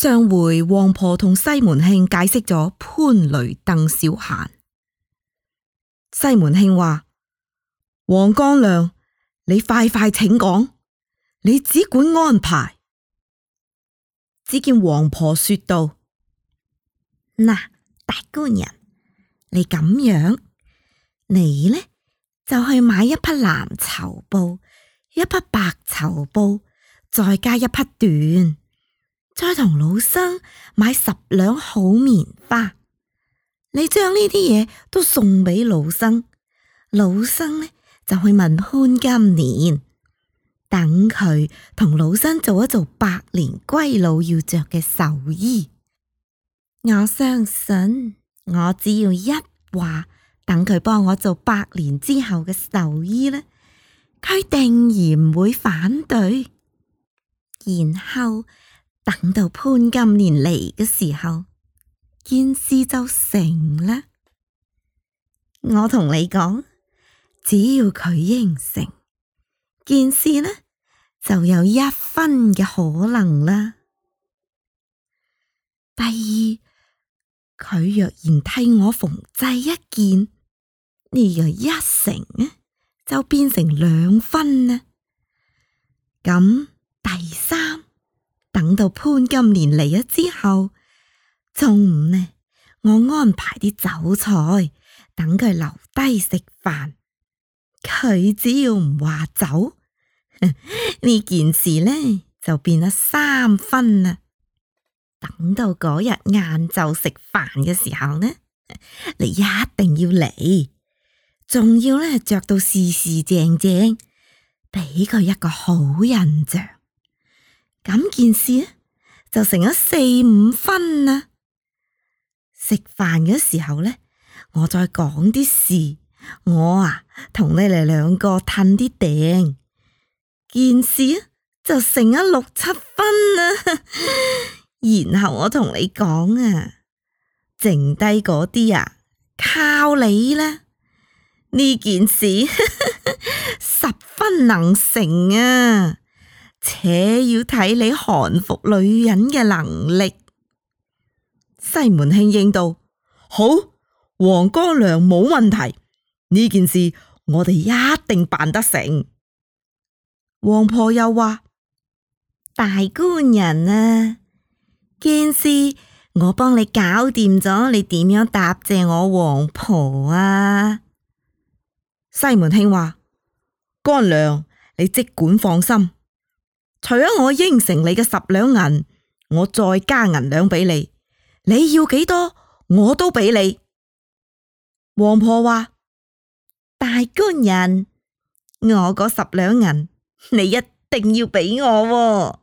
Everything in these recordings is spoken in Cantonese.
上回王婆同西門慶解釋咗潘雷鄧小閒，西門慶話：王光亮，你快快請講，你只管安排。只見王婆說道：嗱，大官人，你咁樣，你呢就去買一匹藍綢布，一匹白綢布，再加一匹緞。再同老身買十兩好棉花，你將呢啲嘢都送俾老身，老身呢，就去問潘金蓮，等佢同老身做一做百年歸老要着嘅壽衣。我相信我只要一話，等佢幫我做百年之後嘅壽衣呢，佢定然唔會反對。然後。等到潘金蓮嚟嘅時候，件事就成啦。我同你講，只要佢應承，件事呢就有一分嘅可能啦。第二，佢若然替我縫製一件，呢、這個一成呢就變成兩分啦。咁第三。等到潘金蓮嚟咗之後，中午呢，我安排啲酒菜，等佢留低食飯。佢只要唔話走，呢 件事呢就變咗三分啦。等到嗰日晏晝食飯嘅時候呢，你一定要嚟，仲要呢着到事事正正，俾佢一個好印象。咁件事啊，就成咗四五分啦。食飯嘅時候呢，我再講啲事，我啊同你哋兩個褪啲頂。件事啊，就成咗六七分啦。然後我同你講啊，剩低嗰啲啊，靠你啦。呢件事 十分能成啊！且要睇你韓服女人嘅能力。西門慶應道：好，王乾娘冇問題，呢件事我哋一定辦得成。王婆又話：大官人啊，件事我幫你搞掂咗，你點樣答謝我王婆啊？西門慶話：乾娘，你即管放心。除咗我應承你嘅十兩銀，我再加銀兩俾你。你要幾多，我都俾你。王婆話：大官人，我嗰十兩銀，你一定要俾我，啊。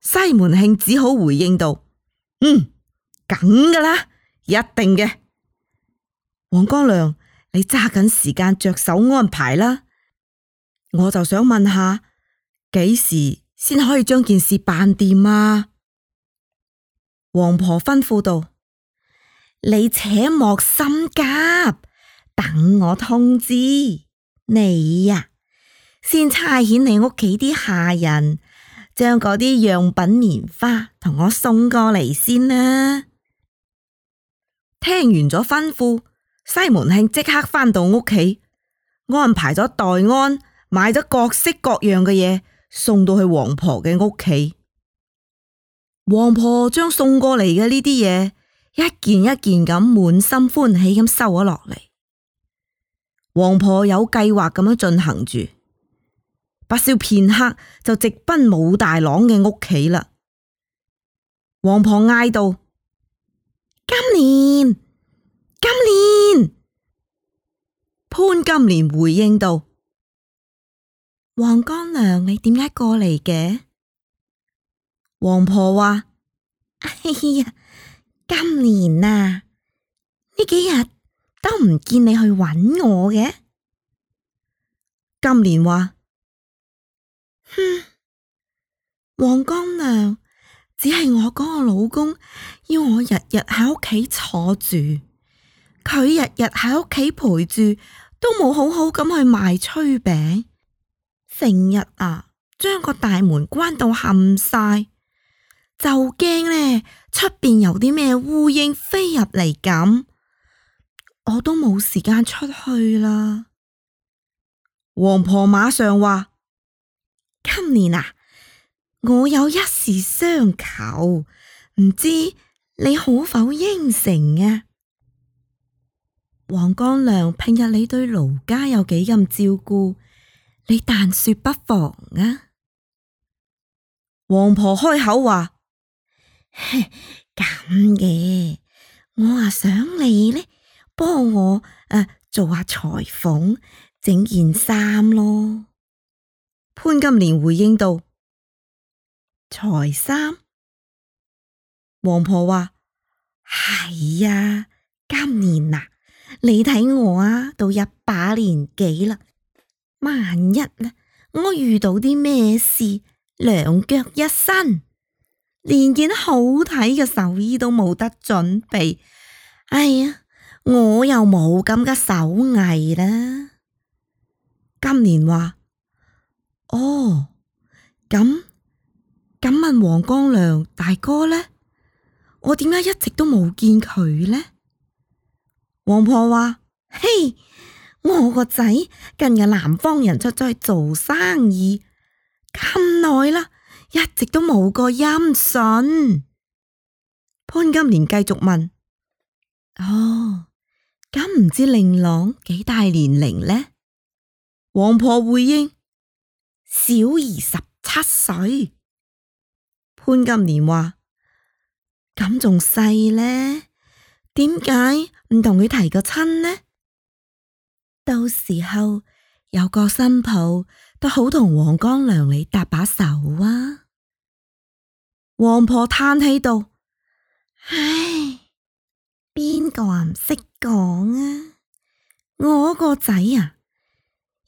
西門慶只好回應道：嗯，梗噶啦，一定嘅。王光良，你揸緊時間着手安排啦。我就想問下。幾時先可以將件事辦掂啊？王婆吩咐道：你且莫心急，等我通知你呀、啊。先差遣你屋企啲下人，將嗰啲樣品棉花同我送過嚟先啦。聽完咗吩咐，西門慶即刻返到屋企，安排咗代安買咗各式各樣嘅嘢。送到去王婆嘅屋企，王婆將送過嚟嘅呢啲嘢一件一件咁滿心歡喜咁收咗落嚟。王婆有計劃咁樣進行住，不消片刻就直奔武大郎嘅屋企啦。王婆嗌道：今年，今年！潘金蓮回應道。王乾娘，你點解過嚟嘅？王婆話：哎呀，今年啊，呢幾日都唔見你去揾我嘅。金蓮話：哼，王乾娘，只係我嗰個老公要我日日喺屋企坐住，佢日日喺屋企陪住，都冇好好咁去賣炊餅。成日啊，將個大門關到冚晒，就驚呢出邊有啲咩烏蠅飛入嚟咁，我都冇時間出去啦。王婆馬上話：今年啊，我有一事相求，唔知你可否應承啊？黃光良，平日你對盧家有幾咁照顧？你但說不妨啊！王婆開口話：咁 嘅，我話想你呢，幫我誒做下裁縫，整件衫咯。潘金蓮回應道：裁衫。王婆話：係呀、啊，今年啊，你睇我啊，到一把年紀啦。萬一呢，我遇到啲咩事，兩腳一伸，連件好睇嘅壽衣都冇得準備。哎呀，我又冇咁嘅手藝啦。金蓮話，哦，咁，敢問黃光良大哥呢？我點解一直都冇見佢呢？」黃婆話：嘿。我個仔近日南方人出咗去做生意咁耐啦，一直都冇個音訊。潘金蓮繼續問：，哦，咁唔知令郎幾大年齡呢？王婆回應：小兒十七歲。潘金蓮話：咁仲細呢？點解唔同佢提個親呢？到時候有個新抱都好，同王干娘你搭把手啊！王婆嘆氣道：唉，邊個唔識講啊？我個仔啊，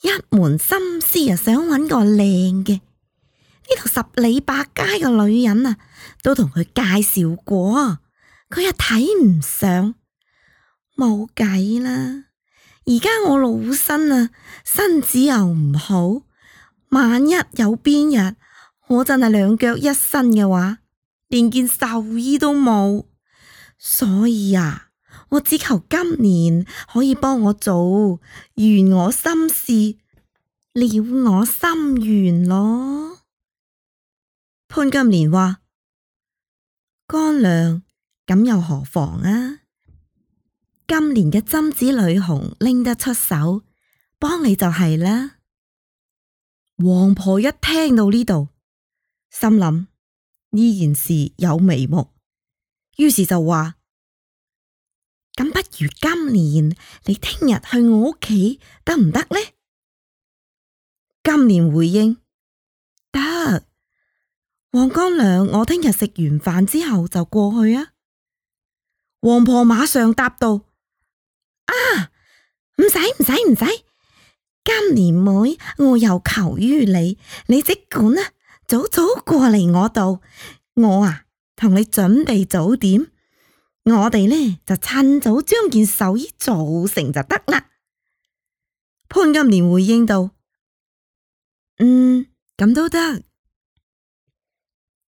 一門心思啊想搵個靚嘅，呢度十里八街嘅女人啊，都同佢介紹過，佢又睇唔上，冇計啦。而家我老身啊，身子又唔好，萬一有邊日我真係兩腳一伸嘅話，連件壽衣都冇，所以啊，我只求今年可以幫我做，圓我心事，了我心願咯。潘金蓮話：乾娘咁又何妨啊？今年嘅針子女紅拎得出手，幫你就係啦。王婆一聽到呢度，心諗依然是有眉目，於是就話：咁不如金蓮你聽日去我屋企得唔得呢？」金蓮回應：得。王乾娘，我聽日食完飯之後就過去啊。王婆馬上答道。使唔使唔使？金蓮妹，我有求於你，你即管啊，早早過嚟我度，我啊同你準備早點，我哋呢，就趁早將件壽衣做成就得啦。潘金蓮回應道：嗯，咁都得。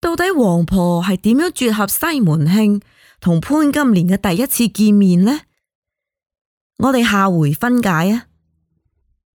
到底王婆係點樣撮合西門慶同潘金蓮嘅第一次見面呢？」我哋下回分解啊！